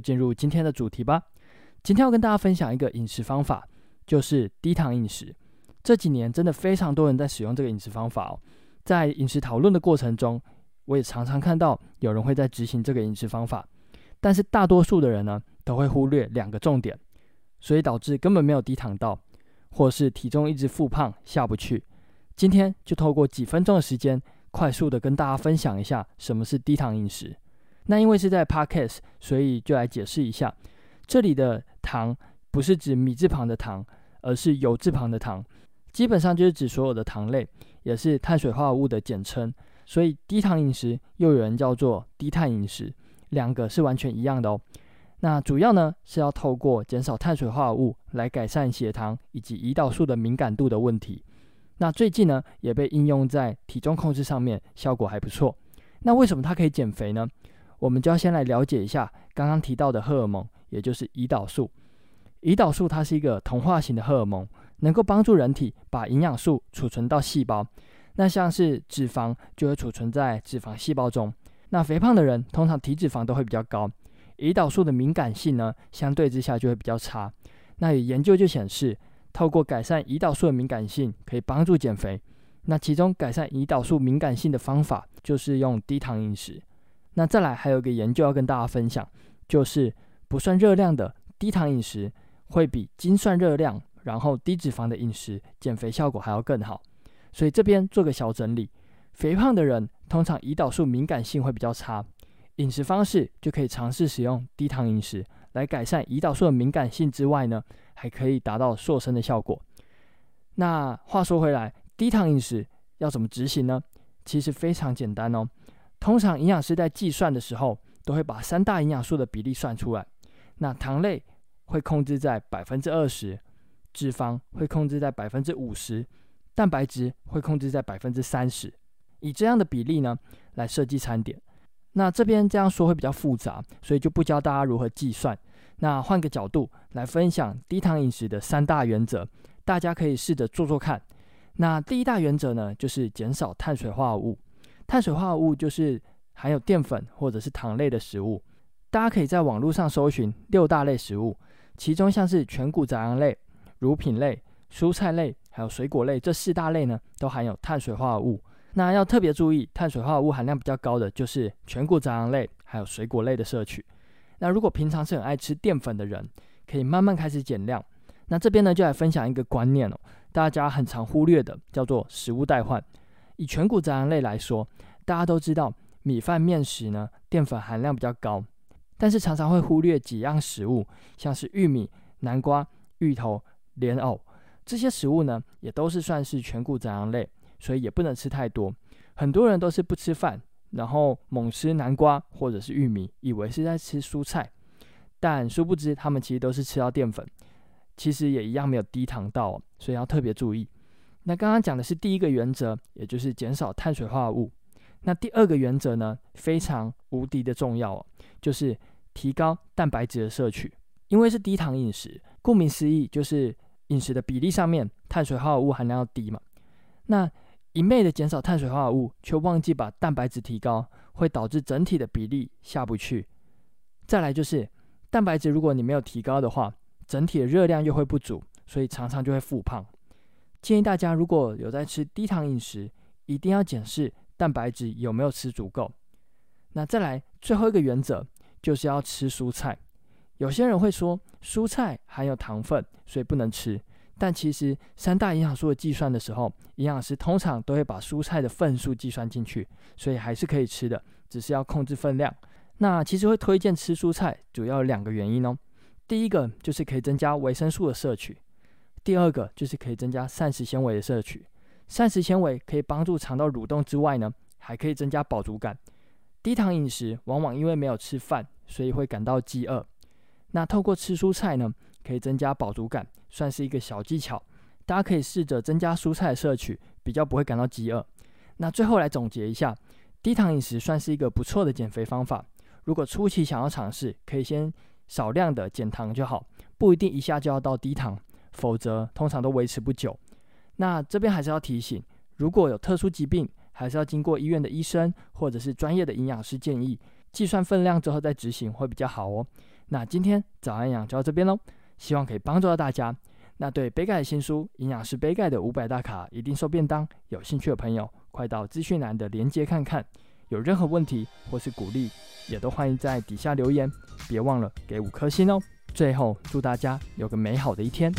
就進入今天的主題吧。今天要跟大家分享一個飲食方法，就是低醣飲食。這幾年真的非常多人在使用這個飲食方法哦。在飲食討論的過程中，我也常常看到有人會在執行這個飲食方法，但是大多數的人呢，都會忽略兩個重點，所以導致根本沒有低醣到，或是體重一直復胖下不去。今天就透過幾分鐘的時間，快速地跟大家分享一下什麼是低醣飲食。那因為是在 Podcast，所以就來解釋一下，這裡的糖不是指米字旁的糖，而是酉字旁的糖，基本上就是指所有的糖類，也是碳水化合物的簡稱。所以低醣飲食又有人叫做低碳飲食，兩個是完全一樣的哦。那主要呢是要透過減少碳水化合物來改善血糖以及胰島素的敏感度的問題。那最近呢也被應用在體重控制上面，效果還不錯。那為什麼它可以減肥呢？我們就要先來了解一下剛剛提到的荷爾蒙，也就是胰島素。胰島素它是一個同化型的荷爾蒙，能夠幫助人體把營養素儲存到細胞。那像是脂肪就會儲存在脂肪細胞中。那肥胖的人通常體脂肪都會比較高，胰島素的敏感性呢相對之下就會比較差。那有研究就顯示，透過改善胰島素的敏感性，可以幫助減肥。那其中改善胰島素敏感性的方法就是用低醣飲食。那再來還有一個研究要跟大家分享，就是不算熱量的低醣飲食會比精算熱量然後低脂肪的飲食減肥效果還要更好。所以這邊做個小整理，肥胖的人通常胰島素敏感性會比較差，飲食方式就可以嘗試使用低醣飲食來改善胰島素的敏感性之外呢，還可以達到瘦身的效果。那話說回來，低醣飲食要怎麼執行呢？其實非常簡單哦。通常營養師在計算的時候，都會把三大營養素的比例算出來。那醣類會控制在百分之二十，脂肪會控制在百分之五十，蛋白質會控制在百分之三十，以這樣的比例呢來設計餐點。那這邊這樣說會比較複雜，所以就不教大家如何計算。那換個角度來分享低醣飲食的三大原則，大家可以試着做做看。那第一大原則呢，就是減少碳水化合物。碳水化合物就是含有澱粉或者是糖類的食物，大家可以在網路上搜尋六大類食物，其中像是全穀雜糧類、乳品類、蔬菜類，還有水果類這四大類呢，都含有碳水化合物。那要特別注意，碳水化合物含量比較高的就是全穀雜糧類，還有水果類的攝取。那如果平常是很愛吃澱粉的人，可以慢慢開始減量。那這邊呢，就來分享一個觀念哦，大家很常忽略的，叫做食物代換。以全穀雜糧類來說，大家都知道米飯、麵食呢，澱粉含量比較高。但是常常會忽略幾樣食物，像是玉米、南瓜、芋頭、蓮藕這些食物呢，也都是算是全穀雜糧類，所以也不能吃太多。很多人都是不吃飯，然後猛吃南瓜或者是玉米，以為是在吃蔬菜，但殊不知他們其實都是吃到澱粉，其實也一樣沒有低醣到，所以要特別注意。那剛剛講的是第一個原則，也就是減少碳水化合物。那第二個原則呢，非常無敵的重要哦，就是提高蛋白質的攝取。因為是低醣飲食，顧名思義就是飲食的比例上面碳水化合物含量要低嘛。那一味的減少碳水化合物，卻忘記把蛋白質提高，會導致整體的比例下不去。再來就是蛋白質，如果你沒有提高的話，整體的熱量又會不足，所以常常就會復胖。建議大家，如果有在吃低醣飲食，一定要檢視蛋白質有沒有吃足夠。那再來最後一個原則，就是要吃蔬菜。有些人會說，蔬菜含有糖分，所以不能吃。但其實三大營養素的計算的時候，營養師通常都會把蔬菜的份數計算進去，所以還是可以吃的，只是要控制分量。那其實會推薦吃蔬菜，主要有兩個原因哦。第一個就是可以增加維生素的攝取。第二個就是可以增加膳食纖維的攝取，膳食纖維可以幫助腸道蠕動之外呢，還可以增加飽足感。低醣飲食往往因為沒有吃飯，所以會感到飢餓。那透過吃蔬菜呢，可以增加飽足感，算是一個小技巧。大家可以試着增加蔬菜的攝取，比較不會感到飢餓。那最後來總結一下，低醣飲食算是一個不錯的減肥方法。如果初期想要嘗試，可以先少量的減糖就好，不一定一下就要到低醣。否則通常都維持不久。那這邊還是要提醒，如果有特殊疾病，還是要經過醫院的醫生或者是專業的營養師建議，計算分量之後再執行會比較好哦。那今天早安營養就到這邊嘍，希望可以幫助到大家。那對杯蓋的新書《營養師杯蓋的五百大卡一定瘦便當》，有興趣的朋友快到資訊欄的連結看看。有任何問題或是鼓勵，也都歡迎在底下留言。別忘了給五顆星哦。最後，祝大家有個美好的一天。